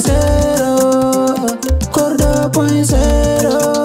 0, Cordo point zero.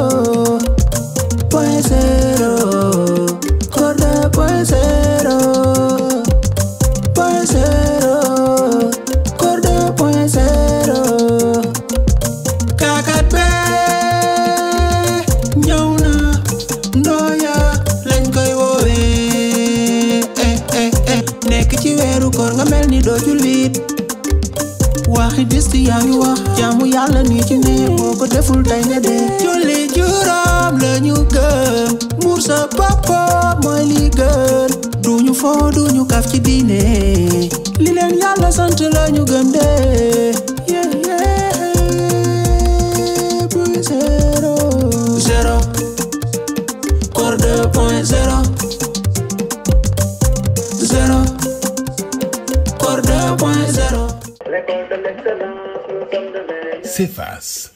sacrifice yaa ngi wax jaamu yàlla nii ci ne boo ko deful tey nga dee julli juróom la ñu gën muur sa papa mooy li gën duñu foo duñu kaf ci diine li leen yàlla sant la ñu gëm dee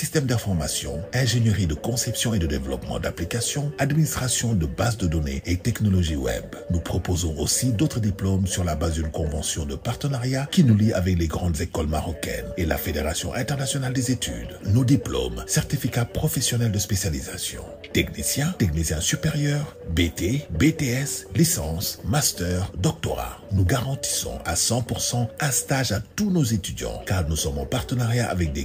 système d'information, ingénierie de conception et de développement d'applications, administration de bases de données et technologies web. Nous proposons aussi d'autres diplômes sur la base d'une convention de partenariat qui nous lie avec les grandes écoles marocaines et la Fédération internationale des études. Nos diplômes, certificats professionnels de spécialisation, technicien, technicien BT, BTS, licence, master, doctorat. Nous garantissons à 100% un stage à tous nos étudiants car partenariat avec des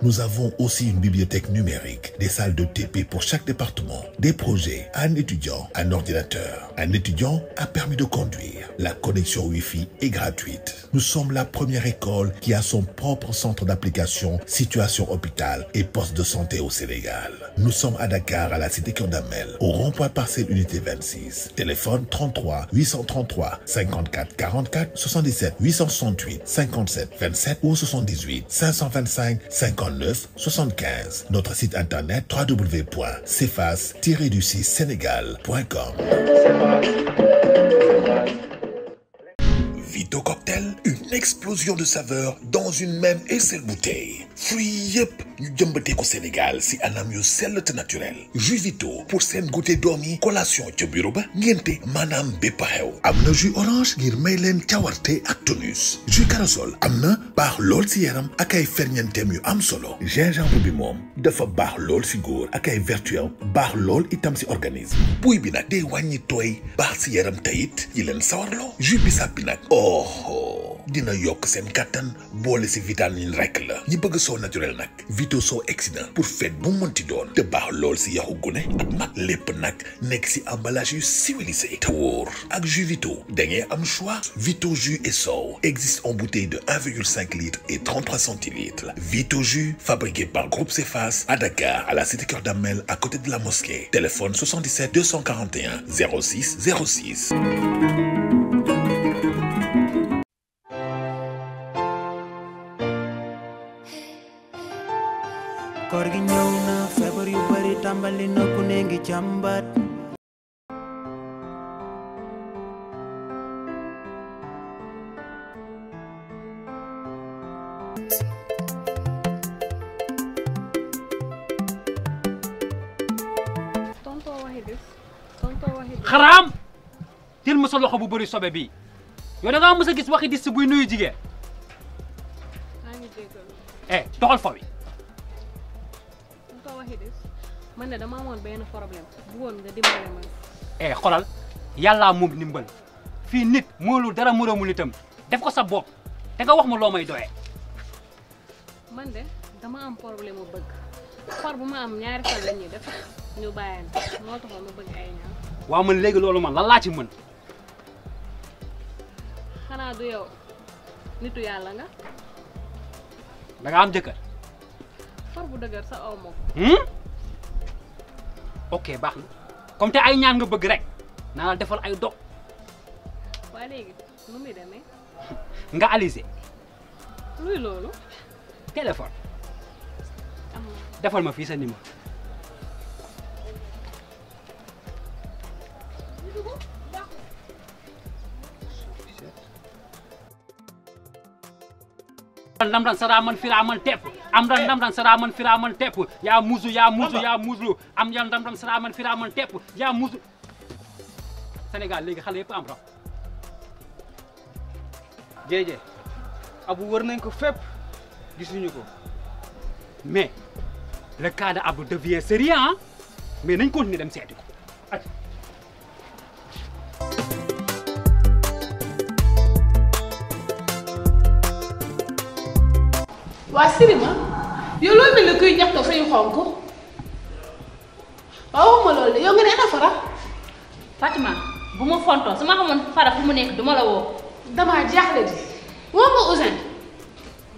Nous avons aussi une bibliothèque numérique, des salles de TP pour chaque département, des projets, un La connexion Wi-Fi est gratuite. Nous sommes la première école qui a son propre centre d'application, situation hôpital et poste de santé au Sénégal. Nous sommes à Dakar, à la cité 209 75. Notre site internet www.cefas-du-6sénégal.com. Vito Cocktail une explosion de saveur dans une même et seule bouteille fruits yi yëpp ñu jëmbatee ko Sénégal si anam yu sell te naturel jus Vito pour seen goûter doom yi collation ca bureau ba ngénte maanaam bépp xew am na jus orange ngir may leen cawarte ak ju jus am na baax lool si yaram ak ay ferñeenteem yu am solo gingembre bi moom dafa baax lool si góor ak ay vertu baax lool itam si organisme buy bi nag day wàññi tooy baax si yaram tayit yi leen sawarloo jus bissap bi nag oh, oh. dina yokk seen kàttan boole si vitamine rek la ñi bëgg naturel nag vito soo exsident pour fête bu mënti doon si yaxu gune ak mag lépp nag si emballage yu civilisé te ak jus vito da ngeen am choix vito ju et sow existe en bouteille de 1,5 et centilitres vito jus fabriqué par Groupe Cefas à Dakar à la cité Keur Damel à côté de la mosquée téléphone lambat xaraam jël ma sa loxo bu bëri sobe bi yow da ngaa mës a gis waxi dis buy nuyu jigéen eh doxal fa wi man de dama amoon benn problème bëggoon nga dimbale ma. eh xoolal yàllaa moom ndimbal fii nit moolu dara moromu nitam def ko sa bopp te nga wax ma loo may doyee. man de dama am problème mu bëgg xor bu ma am ñaari fan la ñuy def ñu bàyyante moo taxoon ma bëgg ay ñaan. waaw man léegi loolu man lan laa ci mën. xanaa du yow nitu yàlla nga. danga am jëkkër. xor bu dëgër sa aw ma ok baax na comme te ay ñaan nga bëgg rek naa la defal ay dog waa nga alisé. luy loolu. téléphone. defal ma fii sa numéro. lam lan sara man fira man tepp am ran dam man saraman firaman tepp yaa musu yaa musu yaa muslu am yan dam ran saraman firaman tepp yaa musu Sénégal léegi xale yëpp am ram jeeje abu wër nañ ko fépp gisuñu ko mais le cas de Abdou devient sérieux mais nañ continuer dem seeti ko waa sirima yow loo mel ni kuy ñaxtoo fa yu xonk waaw waxuma loolu de yow nga ne ana fara bu ma fontoo su ma xamoon fara fu mu nekk duma la woo damaa jaaxle di woo nga Ousin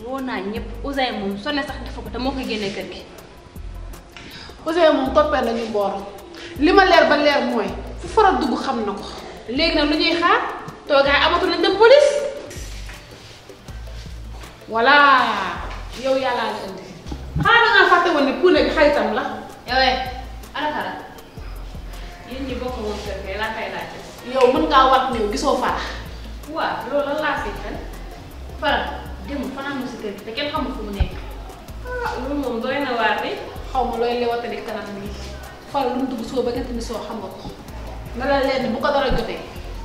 woo naa ñëpp Ousin moom sonne sax dafa ko te moo ko génnee kër gi Ousin moom toppee nañu mboor li ma leer ba leer mooy fu fara dugg xam na ko léegi nag lu ñuy xaar toogaay amatu nañ dem police voilà yow yàllaa la indi xaaral nga fàtte woon ne puune bi xaritam la. yowee eh, ana Fara yéen ñi bokk woon kër kay laa koy laajte. yow mën ngaa wat ñëw gisoo Fara. waaw loolu lan laa siy xel Fara dem fanaan si kër gi te kenn xamul fu mu nekk. ah loolu moom doy na waar xaw ma looy lewatali kanam bi Fara lu mu dugg soo ba ngeen soo xam nga ko nga la leen bu ko dara jotee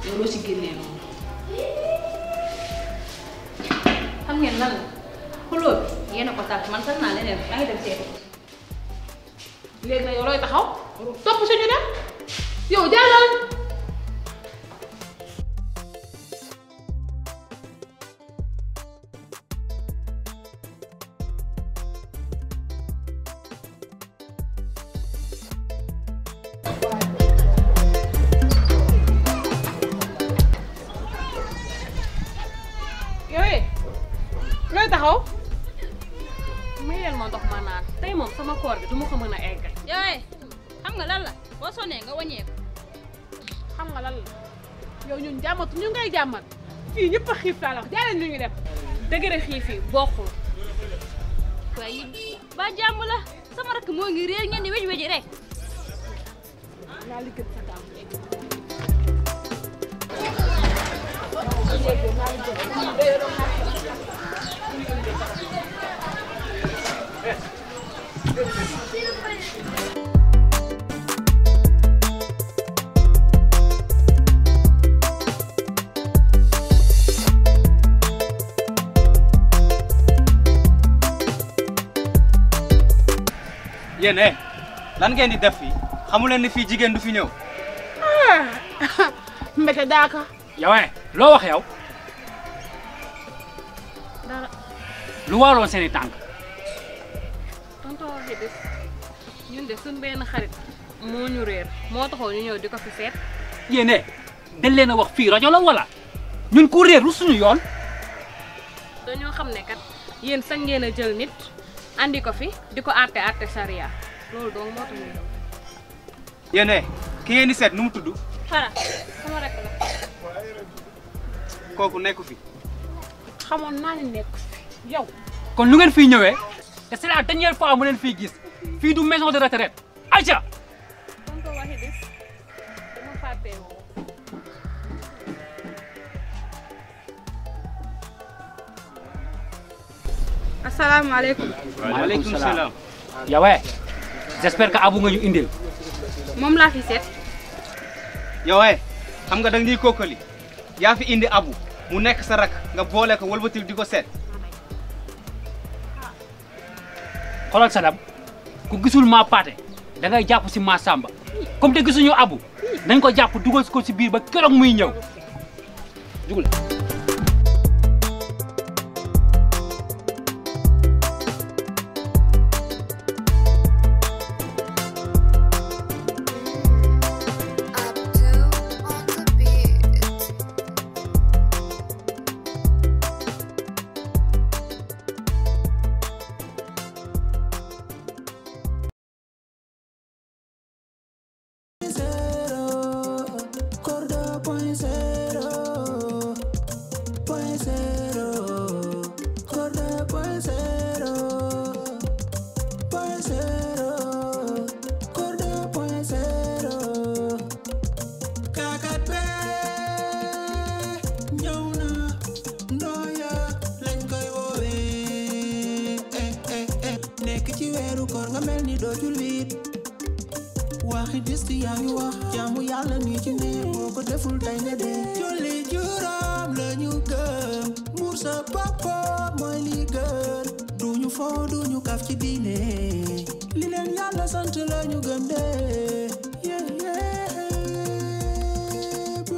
yow loo si génnee noonu. xam ngeen lan xuloo bi yéen a ko sàcc man sax naa leneen maa ngi dem seetu léegi nag yow looy taxaw topp suñu dem yow jàllal yooyu looy taxaw. mayel ma ndox ma naan tey moom sama koor gi du ma ko mën a eggal. yooyu xam nga lan la boo nga wàññeeku. xam nga lan la yow ñun jàmmatu ñu ngay jàmmat fii ñëpp a xiif laa la wax jaay lañ ñu ngi def dëgëre xiif yi bokkul. waaye ba jàmm la sama rakk moo ngi réer ngeen di wej weji rek. yéen eh, lan ngeen di def fi xamuleen ni fii jigéen du fi ñëw. Ah, mbete daaka. yow eh, loo wax yow. lu waroon seen i tànk. tonton Xidis ñun de suñ benn xarit moo ñu réer moo taxaw ñu ñëw di ko fi seet. yéen dañ leen a wax fii rajo la wala ñun ku réer lu suñu yoon. dañoo xam ne kat yéen sañ ngeen a jël nit andi ko fi di ko àtte àtte sariya loolu donc moo tax ñu ki ngeen di seet nu mu tudd. xara sama rek la. kooku nekku fi. xamoon naa ne nekku yow kon lu ngeen fi ñëwee te c'est la dernière fois mu gis fii du maison de retraite aja asalaamaaleykum. maaleykum salaam. yowee j'espère que abu nga ñu indil. moom laa fi seet. yowee xam nga da nga nii kookali yaa fi indi abu mu nekk sa rak nga boole ko wëlbatil di ko seet. xoolal Sadam ku gisul maa paate da ngay jàpp si maa Samba comme te gisuñu abu nañ ko jàpp dugal ko si biir ba keroog muy ñëw deserve activiste yaa ngi wax jaamu yàlla nii ci ne boo ko deful tey nga dee julli juróom la ñu gëm muur sa papa mooy li gën duñu foo duñu kaf ci diine li leen yàlla sant la ñu gëm dee yeah yeah bu